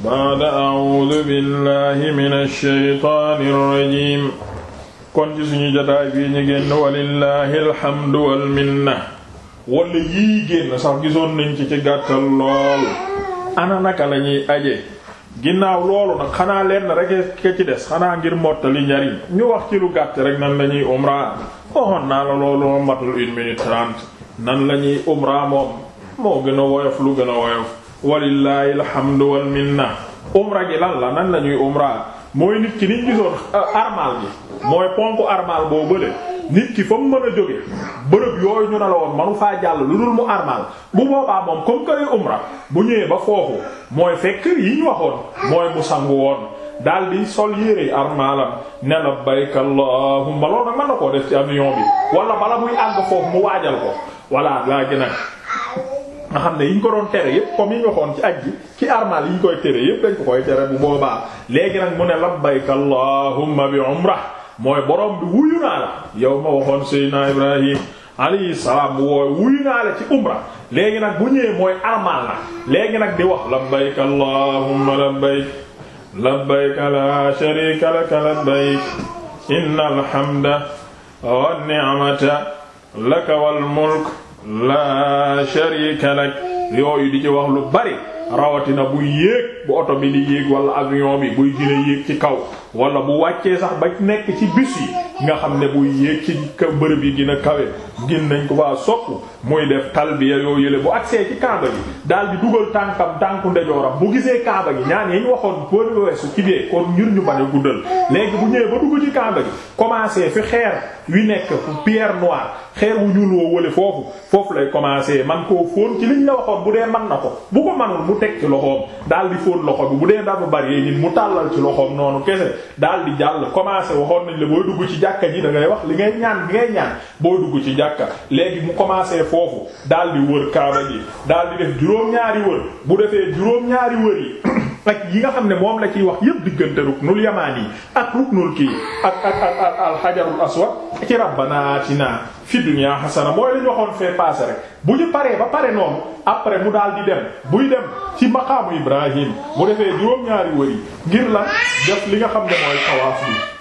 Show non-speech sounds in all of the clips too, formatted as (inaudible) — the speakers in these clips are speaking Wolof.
baada audu billahi min alsheytaan irrajim kon ci suñu jotaay bii ñu génn walillahi alhamdu walminna wala yii génn sax gisoon nañ ci ci gàttal lool ana naka la ñuy aje ginnaaw loolu nag xanaa lenn rekk ke ci des xanaa ngir mottali njariñ ñu wax ci lu gàtt rek nan lañuy ñuy umra waxoon naa la loolu moom matul une minute nan la ñuy moom moo gën a woyof lu gën a woyof walillahi alhamdu wal la nan la ñuy umra mooy nit ki niñ gisoon euh, armal bi mooy ponk armal boo bële nit ki fa mu mën a jóge bërëb yooyu ñu ne la woon manu faa jàll lu dul mu armal bu boobaa moom comme que umra bu ñëwee ba foofu mooy fekk yi waxoon mooy mu sangu woon daal di sol yére armalam ne labbayka allahumma loolu nag mën def ci avion bi wala bala muy àgg foofu mu waajal ko walla laa nag nga xam ne yi ñu ko doon tere yëpp comme yi ñu waxoon ci aj ji ci armal yi ñu koy tere yëpp dañ ko koy tere bu boobaa léegi nag mu ne labbayka allahumma bi umra mooy borom bi wuyu naa la yow ma waxoon seydina ibrahim alayhi salaam wooy wuyu naa la ci umra léegi nag bu ñëwee mooy armal na léegi nag di wax labbayka allahumma labbayk labbayka la sharika laka labbayk innal hamda wan ni'mata laka wal mulk laa sharika lak yooyu di ci wax lu bari rawatina bu yéeg bu oto bi di yéeg wala avion bi buy gën yéeg ci kaw wala bu wàccee sax ba nekk ci bis yi nga xam ne buy yéeg ci bërëb yi gën a kawe gën nañ ko waa sopp muy def talbiya yoo yële bu agsee ci kaaba gi daal di dugal tànkam tànku ndejooram bu gisee kaaba gi ñaan yañ waxoon boo weesu ci bee kon ñun ñu bañ a ba dugg commencé fi xeer wi nekk pierre noire xeer wu ñuul woo wële foofu foofu lay commencé man koo fóon ci liñ la waxoon bu dee man na ko bu ko manul mu teg ci loxoom daal di fóon loxo bi bu dee dafa bari nit mu tàllal ci loxoom noonu kese daal di jàll commencé waxoon nañ la booy dugg ci jàkka ji da wax li ngay ñaan li ngay ñaan boo dugg ci jàkka léegi mu commencé foofu daal di wër kaaba ji daal di def juróom-ñaari wër bu defee juróom-ñaari wër yi (clears throat) ak yi nga xam ne moom la ciy wax yëpp diggante ruknul yamaani ak ruknul kii ak ak ak al hajarul aswad ci rabbana atina fi dunya hasana mooy li ñu waxoon fee passé rek bu ñu paree ba pare noonu après mu daal di dem buy dem ci maqaamu Ibrahim mu defee juróom-ñaari wëri ngir la def li nga xam ne mooy tawaaf bi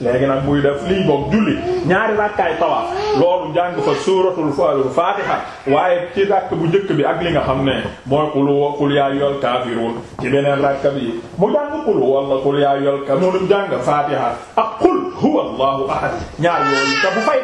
léegi nag buy def lii boog julli ñaari rakkaay tawaaf loolu jàng fa suuratul faatiha waaye ci rakk bu njëkk bi ak li nga xam ne mooy qul huwa qul yaa ayyuhal kaafiruun ci beneen rakk bi mu jàng qul walla qul yaa ayyuhal kaafiruun faatiha ak qul huwa allahu ahad ñaar yooyu te bu fay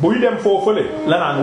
buy dem foofale la naan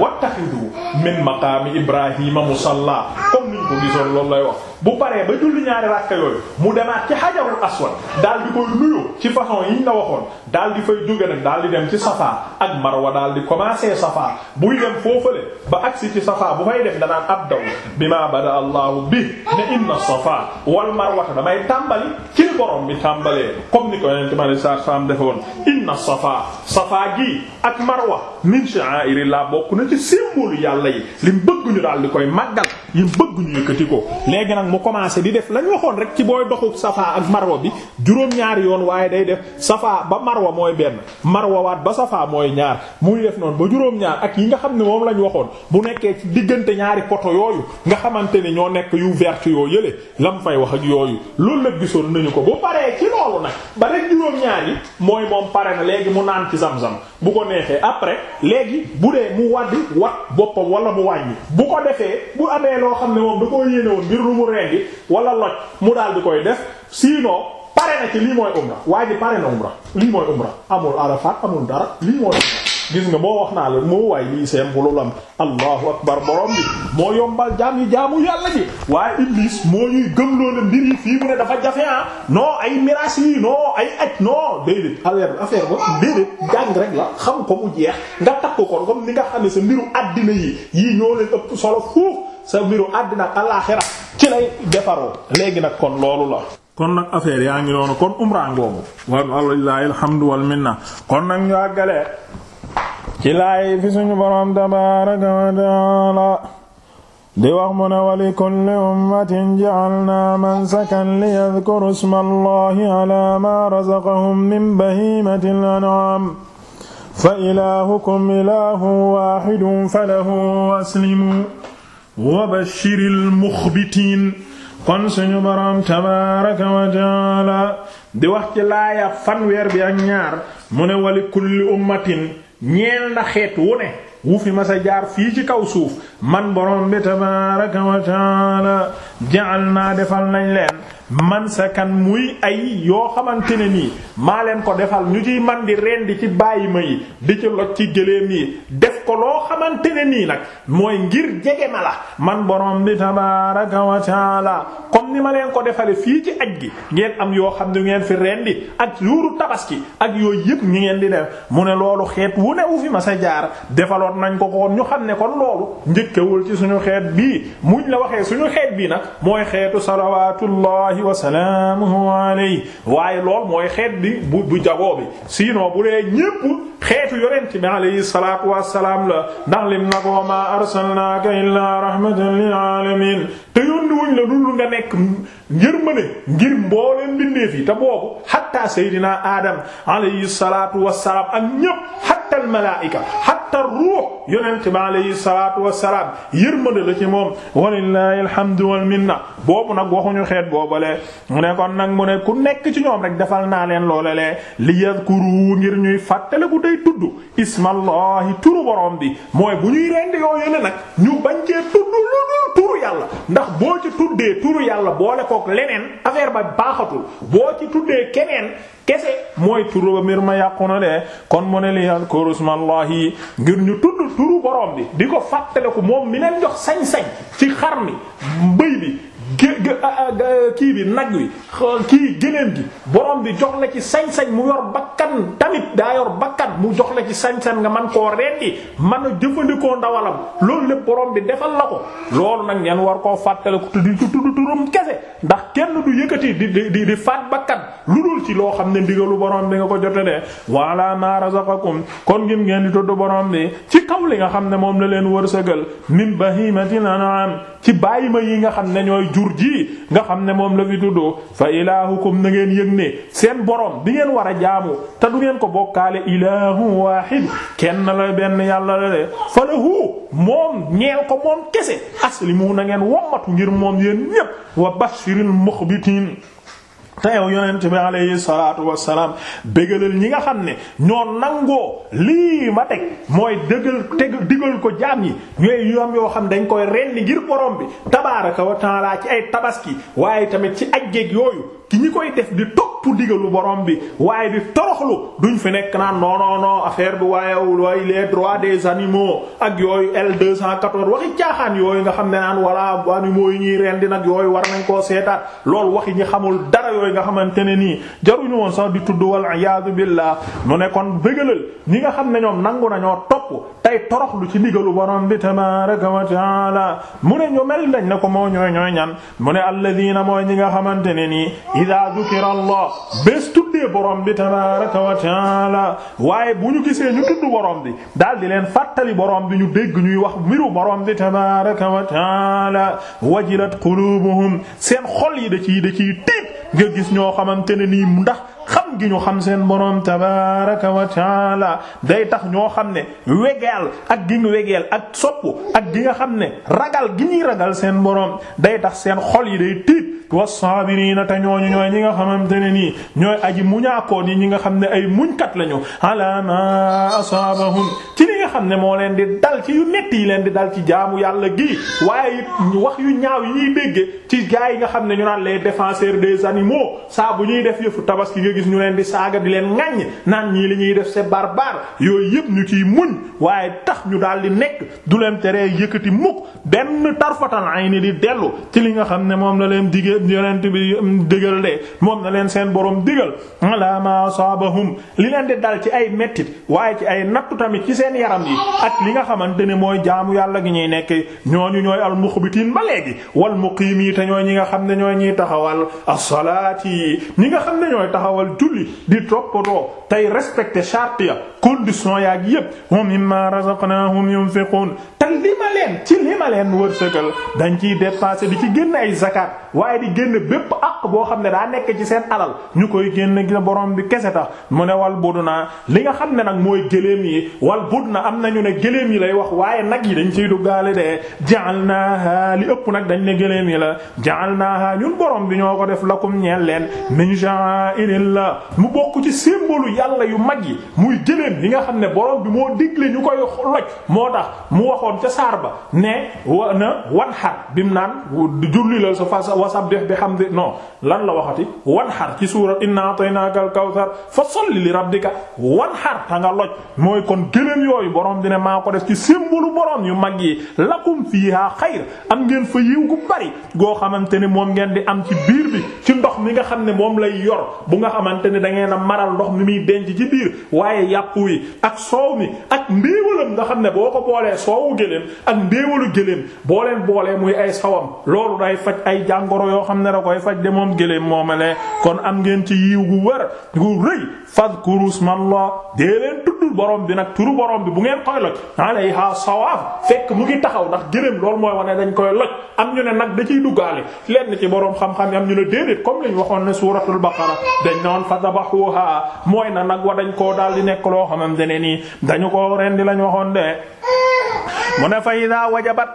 min maqaami ibrahima musalla ko gisoon loolu bu paree ba julli ñaari rakka yooyu mu demaat ci xajarul aswad daal di koy nuyu ci façon yiñ la waxoon daal di fay jóge nag daal di dem ci safa ak marwa daal di commencer safa buy dem foofale ba agsi ci safa bu fay def danaan abdaw bima bada allahu bi ne inna safa wal marwata damay tàmbali ci borom bi tàmbalee kom ni ko yonente ma alei satu salaam defe woon inna safa safa gi ak marwa min sha'airillah bokk na ci symbole yàlla yi li yi bëgg ñu yëkkati ko léegi nag mu commencé di def lañ waxoon rek ci booy doxu safa ak marwa bi juróom-ñaari yoon waaye day def safa ba marwa mooy benn marwa waat ba safa mooy ñaar muy def noonu ba juróom-ñaar ak yi nga xam ne moom lañ waxoon bu nekkee ci diggante ñaari poto yooyu nga xamante ne ñoo nekk yu vert yoo yële mu fay wax ak yooyu loolu la gisoon nañu ko bu paree ci loolu nag ba rek juróom-ñaar yi mooy moom pare na léegi mu naan ci zamzam bu ko neexee après léegi bu dee mu wàddi wat boppam wala mu wàññi bu yoo xam ne moom da koo yéene woon ngir lu mu rendi wala loj mu daal di koy def sinon pare na ci lii mooy umra waa ji pare na umra lii mooy umra amul arafat amul dara lii mooy umra gis nga moo wax naa la moo waay lii seen bululam allahu akbar borom bi moo yombal jaam yi jaamu yàlla ji waaye iblis moo ñuy gëmloo ne mbir yi fii mu ne dafa jafe ah non ay miraas yi non ay aj no déedéet affaire affaire ba déedéet jàng rek la xam ko mu jeex nga takk ko comme ni nga xam ne sa mbiru sa mbiru àddina ak alaaxira ci lay defaroo léegi nag kon loolu la kon nag affaire yaa ngi noonu kon umra ngoomu wallaahi alhamdu wal minna kon nag ñu àggalee ci laay fi suñu borom tabaaraka wa taala di wax mu ne wali kulli ummatin ja'alna mansakan li yadhkuru isma allahi ala ma razaqahum min bahimatil an'am fa ilahukum ilahun wahidun falahu aslimu wa bashiril muxbitiin kon suñu boroom tabaaraka wa taala di wax ci laaya fanweer bi ak ñaar mu ne wali kulli ummatin ñeel xeet wu wu fi ma sa jaar fii ci kaw suuf man borom bi tabaaraka wa taala jaal naa defal nañ leen man sa kan muy ay yoo xamante ne nii maa leen ko defal ñu ciy man di rendi ci bàyyi ma yi di ci loj ci gëléem yi def ko loo xamante ne nii nag mooy ngir jege ma la man borom bi tabaaraka wa taala ni ma leen ko defale fii ci aj gi ngeen am yoo xam ne ngeen fi rendi ak yuuru tabaski ak yooyu yëpp ñi ngeen di def mu ne loolu xeet wu ne wu fi ma sa jaar defaloon nañ ko kon ñu xam ne kon loolu njëkkewul ci suñu xeet bii muñ la waxee suñu xeet bii nag mooy xeetu salawatullahi wa salaamuhu alayhi waaye lool mooy xeet bi bu bu jagoo bi sinon bu dee ñépp xeetu yonent bi alayhi salaatu wassalaam la ndax lim na ko ma arsalnaaka illaa rahmatan lil te yónni wuñ la dul nga nekk ngir mëne ngir mbooleen mbindeef yi te boobu hatta seydinaa adam alayhi salaatu wassalaam ak ñépp hatta al malaa'ika hatta ruux yonent bi alayhi salaatu wassalaam yërmande la ci moom walillahi nekk ci ñoom rek defal naa leen loolalee li yadkuru ngir ñuy fàttale ku tey tudd ismallahi turu bi mooy bu ñuy rendi yàlla ndax boo ci tuddee turu yàlla boole kook leneen affaire ba baaxatul boo ci tuddee keneen kese mooy turu ba mbir ma yàqu de kon mu ne li yadkuru ismallahi ngir ñu tudd turu borom bi di ko fàttaliku moom mi leen jox sañ-sañ ci xar mi mbëy bi kii bi nag wi kii géneen gi borom bi jox la ci sañ-sañ mu yor bakkan tamit daa yor bakkan mu jox la ci sañ-sañ nga man koo rendi man a jëfandikoo ndawalam loolu lépp borom bi defal la ko loolu nag ngeen war koo fàttale te di tudd turam kese ndax kenn du yëkkati di di di faat bakkan lu dul ci loo xam ne ndigalu borom bi nga ko jote de wala ma razaqakum kon ngim ngeen di tudd borom bi ci kaw li nga xam ne moom la leen wërsëgal min bahimatil an'am ci ma yi nga xam ne ñooy jur ji nga xam ne moom la fi tudd fa ilahukum na ngeen yëg ne seen boroom bi ngeen war a jaamu te du ngeen ko bokkaale ilahu wahid kenn la benn yàlla la de falahu moom ñeel ko moom kese aslimu na ngeen wommatu ngir moom yéen ñépp wa bashiril mukhbitin te yow yonent bi alayhi salaatu wassalaam bégalal ñi nga xam ne ñoo nangoo lii ma teg mooy dëgal teg digal ko jaam yi ñooy yoom yoo xam ne dañ koy rendi ngir boroom bi tabaaraka wa taala ci ay tabaski waaye tamit ci ajjeeg yooyu ki ñi koy def di topp borom bi waaye di toroxlu duñ fi nekk naan non non non affaire bi waaye waaye les droits des animaux ak yooyu L214 waxi caaxaan yooyu nga xam ne naan walla animaux yi ñuy rendi nag yooyu war nañ koo seetaat loolu waxi ñi xamul dara yooyu yooyu nga xamante ne nii jaruñu woon sax di tudd wal iyaadu billah mu ne kon bëggalal ñi nga xam ne ñoom nangu nañoo topp tey toroxlu ci ndigalu borom bi tabaaraka wa taala mu ne ñu mel dañ ne ko moo ñooy ñooy ñan mu ne alladina mooy ñi nga xamante ne nii idaa dukira allah bés tuddee borom bi tabaaraka wa taala waaye bu ñu gisee ñu tudd borom bi daal di leen fàttali borom bi ñu dégg ñuy wax mbiru borom bi tabaaraka wa taala wajilat qulubuhum seen xol yi da ciy nga gis ñoo xamante ne nii ndax xam gi ñu xam seen boroom tabaaraka wa day tax ñoo xam ne wegeel ak gi ñu wegeel ak soppu ak gi nga xam ne ragal gi ñuy ragal seen boroom day tax seen xol yi day tiit wassaabiriina te ñooñu ñooy ñi nga xamante ne nii ñooy aji muñaakoon yi ñi nga xam ne ay muñkat lañu ala ma asaabahum ci li nga xam ne moo leen di dal ci yu metti yi leen di dal ci jaamu yàlla gi waaye wax yu ñaaw yi ñuy dégge ci gaay yi nga xam ne ñu naan les défenseurs des animaux saa ñu leen di saaga di leen ŋaññ naan ñii li ñuy def c'est barbare yooyu yëpp ñu ciy muñ waaye tax ñu daal di nekk du leen teree yëkkati mukk benn tarfatal ay ni di dellu ci li nga xam ne moom la leen digé yonent bi mm, digal de moom na leen seen boroom digal ala ma asabahum li leen di dal ci ay mettit waaye ci ay nattu tamit ci seen yaram yi ak li nga xamante ne mooy jaamu yàlla gi ñuy nekk ñooñu ñooy al muxbitiin ba léegi wal muqiimi te ñooy ñi nga xam ne ñooy ñi nga xam ne ñooy taxawal julli di toppatoo tey respecté charte ya condition yaak yépp wa mimma razaqnahum yunfiqun te li ma leen ci li ma leen wërsëgal dañ ciy dépensé bi ci génn ay zakat waaye di génn bépp ak boo xam ne daa nekk ci seen alal ñu koy génn gis boroom bi kese tax mu ne wal naa li nga xam ne nag mooy gëléem yi wal na am nañu ne gëléem yi lay wax waaye nag yi dañ ciy duggaale de ja'alnaha li ëpp nag dañ ne gëléem yi la ja'alnaha ñun borom bi ñoo la mu bokk ci symbole yàlla yu mag yi muy gëléem yi nga xam ne borom bi moo digle ñu koy loj moo tax mu waxoon ca saar ba ne wa na wan xar mu naan julli la sa fa xam bihamdi non lan la waxati wan xar ci suura inna ataynakal kawsar fa salli li rabbika wan xar ta nga loj mooy kon gëléem yooyu borom dina maa ko def ci symbole borom yu mag yi lakum fiha xayr am ngeen fa yiw gu bari goo xamante ne moom ngeen di am ci biir bi ci ndox mi nga xam ne moom lay yor xamante ne da a maral ndox mi muy denc ci biir waaye yàpp wi ak soow mi ak ndéewalam nga xam ne boo ko boolee soowu gëléem ak ndéewalu gëléem boo leen boolee muy ay sawam loolu day faj ay jàngoro yoo xam ne da koy faj de moom gëléem moomale kon am ngeen ci yiw gu wër gu rëy fadkuru smallah dee leen tuddul borom bi nag turu borom bi bu ngeen koy loj alayha sawaaf fekk mu ngi taxaw ndax gëléem loolu mooy wane dañ koy loj am ñu ne nag da ciy duggaale lenn ci borom xam-xam am ñu ne déedéet comme li waxoon ne suuratul baqara dañ ne woon fa dabahuha mooy na nag wa dañ koo daal nekk loo xamante ne nii dañu koo rendi lañ waxoon de mu ne fa idaa wajabat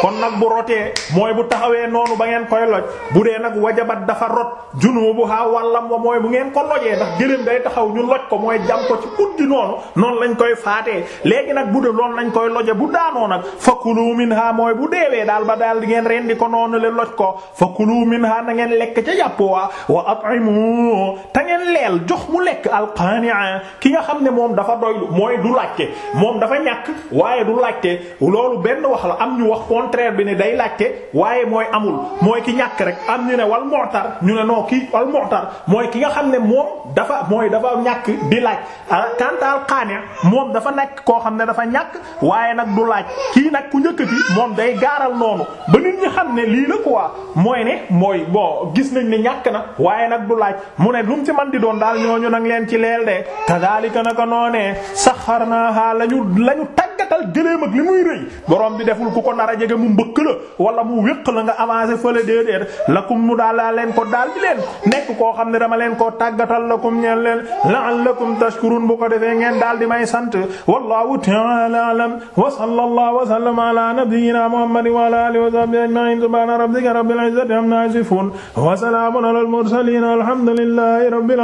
kon nag bu rotee mooy bu taxawee noonu ba ngeen koy loj bu dee nag wajabat dafa rot junubuha wàllam wa mooy bu ngeen ko lojee ndax gëléem day taxaw ñu loj ko mooy jam ko ci put julli noonu noonu lañ koy faatee léegi nag bu dee loolu lañ koy loje bu daanoo nag fakulu minha mooy bu deewee daal ba daal di ngeen rendi ko noonu le loj ko fakulu minha na ngeen lekk ca jàpp waa wa at'imu te ngeen leel jox mu lekk alqani'a ki nga xam ne moom dafa doylu mooy du laajte moom dafa ñàkk waaye du laajte loolu benn wax la am ñu wax contraire bi ne day laajte waaye mooy amul mooy ki ñàkk rek am ñu ne wal mu'tar ñu ne noo ki wal mu'tar mooy ki nga xam ne moom dafa mooy dafa ñàkk di laaj ah, kanta alxaane moom dafa nekk koo xam ne dafa ñàkk waaye nag du laaj kii nag ku njëkk ki moom day gaaral noonu ba nit ñi xam ne lii la quoi mooy ne mooy bon gis nañ ne ñàkk na waaye nag du laaj mu ne lu mu ci man di doon daal ñooñu nag leen ci leel de kadhalika naka noonee saxarnaha lañu lañu tàggatal gëléem ak li muy rëy borom bi deful ku ko nar a jege mu mbëkk la wala mu wéq la nga avancé fële déedéet lakum mu daal laa leen ko daal di leen nekk koo xam ne dama leen koo tàggatal lakum ñeen leen la'allakum tashkurun bu ko defee ngeen daal di may sant wallahu ta'ala a'lam wa sallallahu wa sallama ala nabiyyina muhammadin wa ala alihi wa sahbihi ajma'in subhana rabbika rabbil izzati amma yasifun wa salamun ala al mursalin alhamdulillahi rabbil